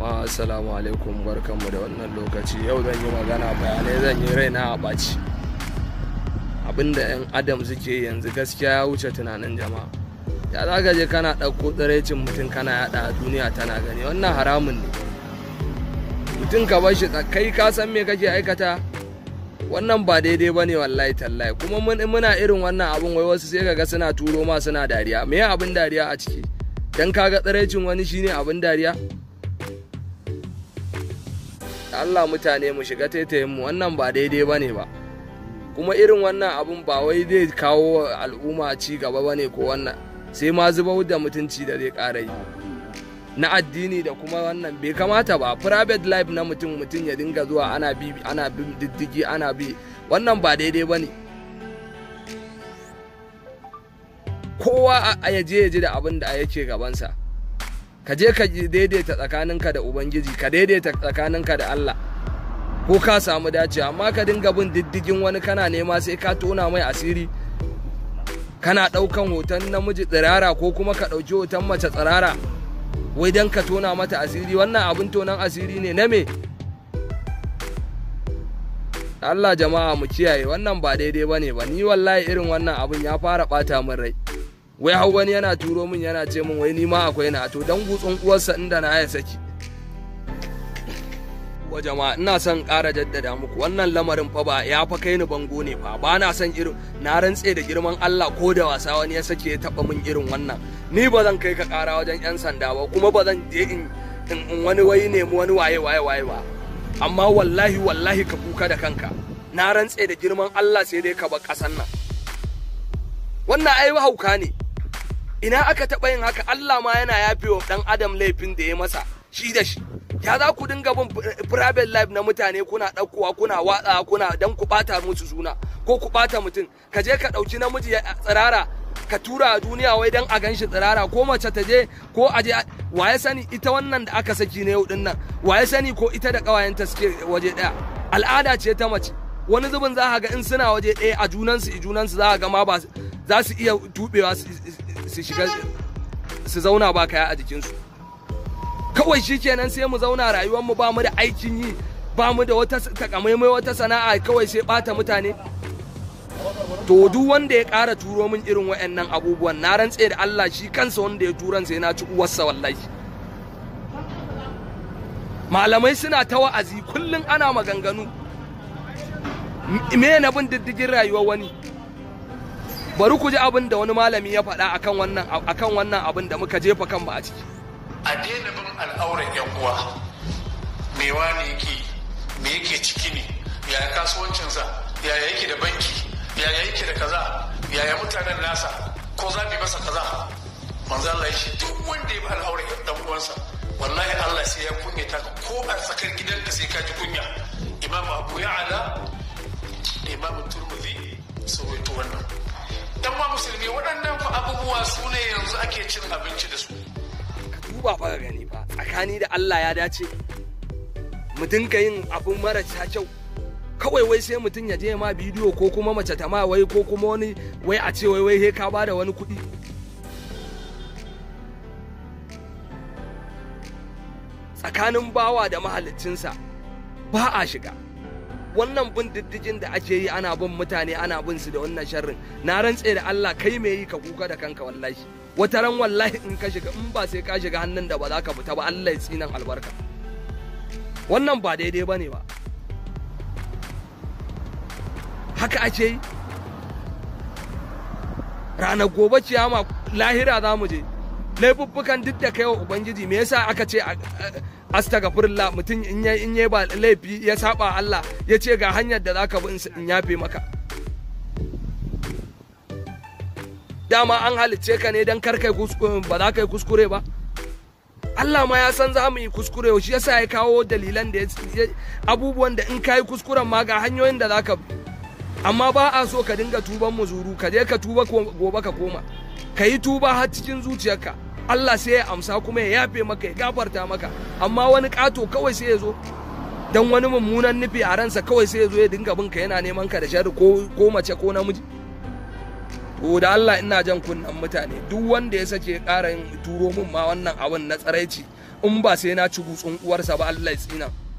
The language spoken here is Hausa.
jama'a assalamu alaikum barkanmu da wannan lokaci yau zan yi magana bayanai zan yi raina a ɓaci abinda 'yan adam suke yanzu gaskiya ya wuce tunanin jama'a ya za ka je kana ɗauko tsiraicin mutum kana yaɗa a duniya tana gani wannan haramun ne mutum ka bar shi kai ka san me kake aikata wannan ba daidai ba ne wallahi tallahi kuma muna irin wannan abin wai wasu sai ga suna turo ma suna dariya me abin dariya a ciki dan ga tsiraicin wani shine abin dariya Allah mutane mu shiga taitayin mu wannan ba daidai bane ba kuma irin wannan abun ba wai zai kawo al'umma ci gaba bane ko wannan sai ma zubar da mutunci da zai kara yi na addini da kuma wannan bai kamata ba private life na mutum mutum ya dinga zuwa ana bi ana bin diddigi ana bi wannan ba daidai ba ne kowa a yaje yaje da abin da yake gabansa ka je ka daidaita tsakaninka da ubangiji ka daidaita tsakaninka da Allah ko ka samu dace amma ka dinga bin diddigin wani kana nema sai ka tona mai asiri kana ɗaukan hoton namiji tsirara ko kuma ka ɗauki hoton mace tsirara wai don ka tona mata asiri wannan abin tonan asiri ne na me Allah jama'a mu kiyaye wannan ba daidai ba ne ba ni wallahi irin wannan abin ya fara ɓata min rai wai hau wani yana turo min yana ce min wai nima akwai na to dan gutsun uwarsa inda na ya saki wa jama'a ina son ƙara jaddada muku wannan lamarin fa ba ya fa kai ni bango ne fa ba na son irin na rantse da girman Allah ko da wasa wani ya sake ya taba min irin wannan ni ba zan kai ka ƙara wajen yan sanda ba kuma ba zan je in in wani wai mu wani waye waye waye ba amma wallahi wallahi ka kuka da kanka na rantse da girman Allah sai dai ka ba ƙasan nan wannan ai hauka ne ina aka taɓa yin haka Allah ma yana yafe wa ɗan adam laifin da ya masa shi da shi ya za ku dinga bin private life na mutane kuna ɗaukowa kuna watsa kuna dan ku ɓata musu suna ko ku ɓata mutum ka je ka ɗauki namiji tsirara ka tura a duniya wai dan a gan shi tsirara ko mace ta je ko a je wa ya sani ita wannan da aka saki na yau dinnan? nan wa ya sani ko ita da ƙawayenta suke waje ɗaya al'ada ce ta mace wani zubin za ga in suna waje ɗaya a junansu junansu za ga ma ba za su iya tubewa su shiga su zauna ba kaya a jikinsu kawai shi kenan sai mu zauna rayuwar mu ba mu da aikin yi ba mu da wata takamaimai wata sana'a kawai sai bata mutane to duk wanda ya ƙara turo min irin wayannan abubuwan na rantse da Allah shi kansa wanda ya turan sai na ci uwarsa wallahi malamai suna ta wa'azi kullum ana maganganu me na bin diddigin rayuwar wani bari ku ji abin da wani malami ya faɗa akan wannan akan wannan abin da muka jefa kan ba a ciki a daina bin al'auran yan uwa me wani yake me yake ciki ne yaya kasuwancinsa yaya yake da banki yaya yake da kaza yaya mutanen nasa ko za mu masa kaza manzo Allah shi duk wanda ya bi al'auran yan uwansa wallahi Allah sai ya kunyata ta ko a tsakar gidanka yanzu ake cin abinci da su ka duba fa gani ba. tsakani da Allah ya dace mu dinga yin abun marasa kyau kawai wai sai mutum ya je ma bidiyo ko kuma mace ta ma wai ko kuma wani wai a ce wai wai he ka bada wani kuɗi tsakanin bawa da mahalicinsa ba a shiga wannan bin diddigin da ake yi ana bin mutane ana bin su da wannan sharrin na rantse da Allah kai me yi ka kuka da kanka wallahi wata ran wallahi in ka shiga in ba sai ka shiga hannun da ba za ka fita ba Allah ya tsinan albarka wannan ba daidai ba ne ba haka ake yi ranar gobe ciyama lahira za mu je laifuffukan duk da kai wa ubangiji me yasa aka ce astaghfirullah mutum in ya ba laifi ya saba Allah ya ce ga hanyar da za ka bi in yafe maka dama an halicce ka ne don kar kai ba za ka yi kuskure ba Allah ma ya san za mu yi kuskure shi yasa ya kawo dalilan da abubuwan da in ka yi kuskuren ma ga hanyoyin da za ka bi amma ba a so ka dinga tuban zuru ka je ka tuba gobe ka koma ka yi tuba har cikin zuciyarka Allah sai ya amsa kuma ya yafe maka ya gafarta maka amma wani kato kawai sai ya zo dan wani mummunan nufi a ransa kawai sai ya zo ya dinga binka yana neman ka da shari ko mace ko namiji to da Allah ina jan kunnan mutane duk wanda ya sake ƙara yin turo min ma wannan abin na tsaraici in ba sai na ci gutsun uwarsa ba Allah ya tsina